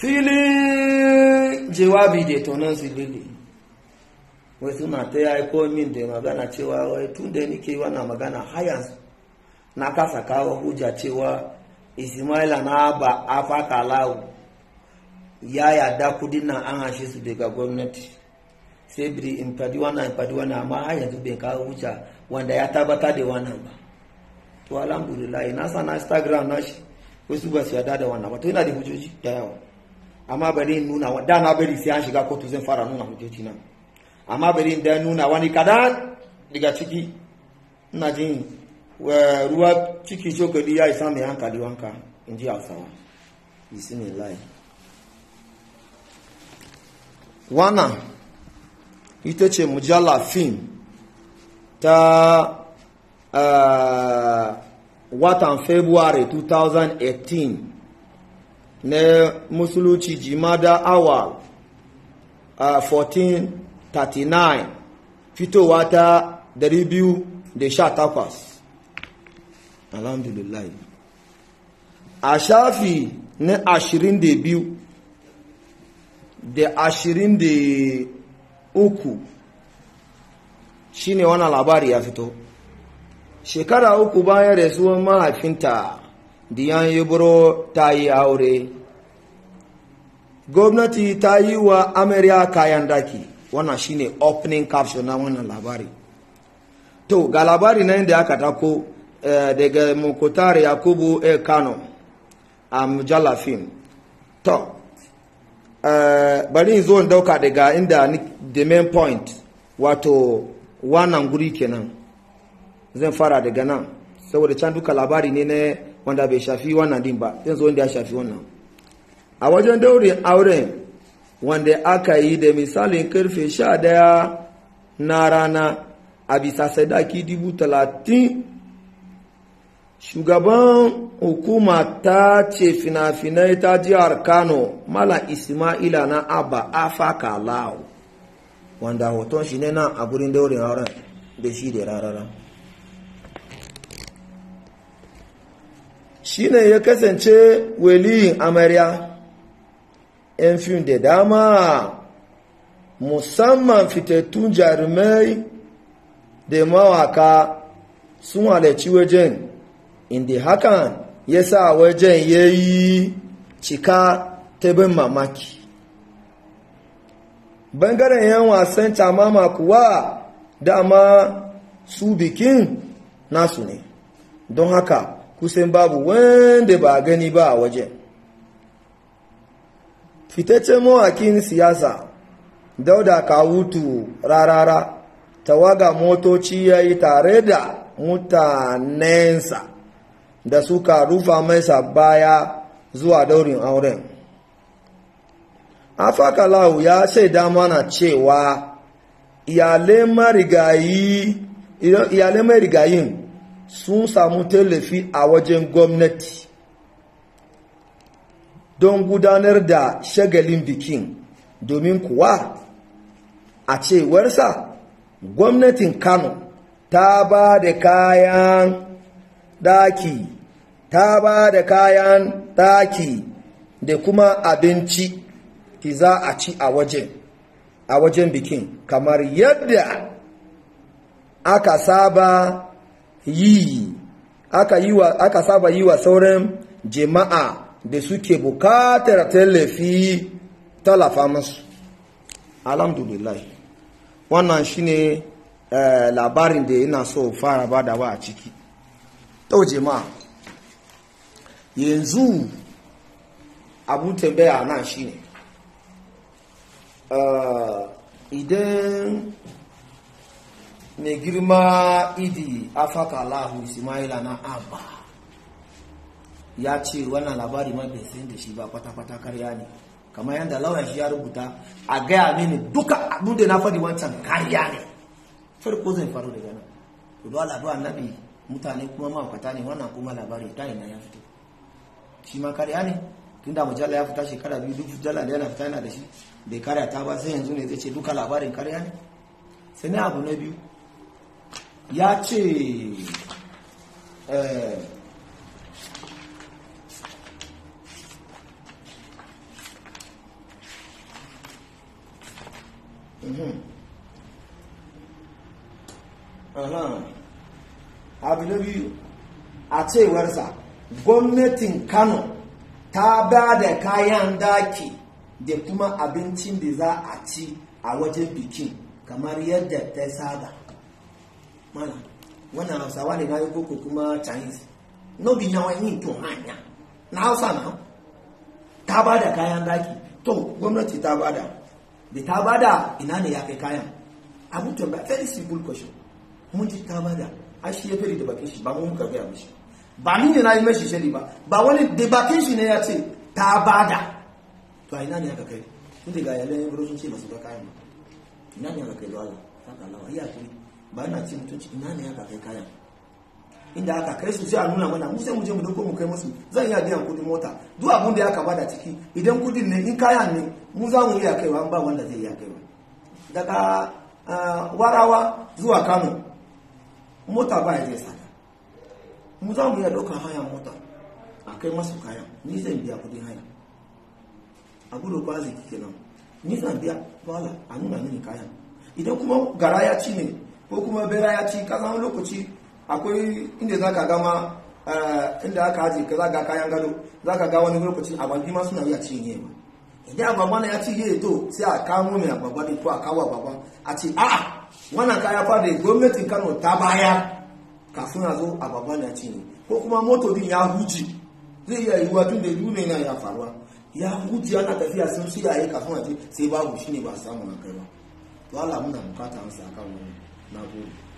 filin jawabi da tonon zilili wasu mata ya yi komin da magana cewa wai tun da nike wana magana hayan na kasa kawo hujja cewa ismaila na ba a faka lawo ya yada kudin na an hashe su daga gwamnati sai biri in fadi wannan in fadi wannan amma har yanzu bai kawo hujja wanda ya tabbatar da wannan ba to alhamdulillah na sana instagram na shi wasu ba su yada da wannan ba to yana da hujjoji da yawa amma bari nuna wa da na bari sai an shiga kotu zan fara nuna hujjoji na amma bari da nuna wani kadan daga ciki ina jin ruwa ciki cokali ya isa mai hankali wanka in ji hausawa bismillah wannan ita ce mujalla fim ta uh, watan february 2018 na musulunci ma da awa 1439 fitowa ta 218 alhamdulillah a shafi na 22 da 23 shine wannan labari ya fito shekara uku bayan rasuwar mahaifinta diyan yiburo ta yi aure gwamnati ta yi wa amarya kayan daki wannan shine opening caption na wannan labari to ga labari na inda aka tako eh, daga mukutar yakubu a kano a mujallafin to eh, bari zo in dauka daga inda the main point wato wannan guri kenan zan fara daga nan saboda can duka labari ne na wanda bai shafi wannan din ba yanzu wanda ya shafi wannan a wajen daurin auren wanda aka yi da misalin karfe sha daya na rana a bisa sadaki dubu talatin shugaban hukuma ta ce fina-finai ta jihar kano mala ismaila na abba afaka lao wanda hoton shi ne nan a gurin daurin auren da shi da rarara shine ya kasance waliyin amarya yan fim da dama musamman fitattun jarumai da mawaka sun halarci wajen inda hakan ya sa wajen ya yi cika ta bin mamaki bangaren yan wasan tamama kuwa dama su bikin nasu ne don haka kusan babu wanda ba gani ba a waje. fitaccen mawakin siyasa dauda kawutu rarara tawaga motoci ya yi tare da mutanensa da suka rufa maisa baya zuwa daurin auren afakalahu ya shaida mana cewa iyalai marigayin sun samu tallafi a wajen gwamnati don gudanar da shagalin bikin domin kuwa a cewarsa gwamnatin kano ta ba da kayan daki ta ba da kayan daki da kuma abinci ki za a ci a wajen a wajen bikin kamar yadda aka saba yi aka yi wa aka saba yi wa sauran jama'a da suke bukatar tallafi talafa musu alhamdulillah wannan shine eh, labarin da yana so fara badawa a ciki to jama'a yanzu abu tambaya nan shine eh, idan ne girma idi afaka lahu ismaila na abba ya ce wannan labari ma bai san da shi ba kwata-kwata karya ne kamar yadda lauyan shi ya rubuta a gaya mini duka abin da na faɗi wancan karya ne farko zai faru gana nan kudu aladuwa nabi mutane kuma mafata ne wannan kuma labari ta na ya fito shi ma karya ne tun da mujalla ya fita shekara biyu duk mujalla da yana fita yana da shi bai karya ta ba sai yanzu ne zai ce duka labarin karya ne sai ne abu na biyu ya ce eh, mhm, abu na biyu a cewarsa gwamnatin kano ta ba da kayan daki da kuma abincin da za a ci a wajen bikin kamar yadda ta sada mana wannan hausawa ne na yi boko kuma chinese no bi na wani to hanya na hausa na ta ba da kayan daki to gwamnati ta ba da da ta ba da ina ne ya kai kayan abu to ba very simple question mun ji ta ba da a shi ya fere da bakin shi ba mun ka gaya mishi ba ni ne na yi mashi shari ba ba wani da bakin shi ne ya ce ta ba da to a ina ne aka kai inda ga yalayen sun ce masu ba kayan ba ina ne aka kai da ta kalawa iya tuni ba yana ce mutunci ina ne ya kai kayan inda aka kai su sai a nuna mana mu sai mu je mu dauko mu kai musu zan iya biyan kudin mota duk abun da ya ka bada ciki idan kudin ne in kayan ne mu za mu iya kaiwa ba wanda zai iya daga ah, warawa zuwa kano mụta ba ya zai sada mu za ya dọka ha ya mụta a kai ka ya n'ize zan biya kudin haya a gudu ba zai kenan ni zan biya anụ na nuna ka ya idan kuma gara ya chi ne ko kuma bera ya chi ka zama lokaci akwai ndị za ka gama eh, inda aka haji ka za ka kayan gado za ka ga wani lokaci ababi ma suna iya cinye ma idan ababa na ya cinye to sai a kamo mai ababa ne ko a kawo ababa a ce a'a wannan kaya fa da gwamnatin kano ta baya kafin a zo ababa na cinye ko kuma moto din ya huji zai iya yiwuwa tun da duniya na ya faruwa ya huji ana tafiya sun shirya yi kafin a ce sai babu shine ba samu na kai ba to Allah na bukata amsa akan wannan 那不。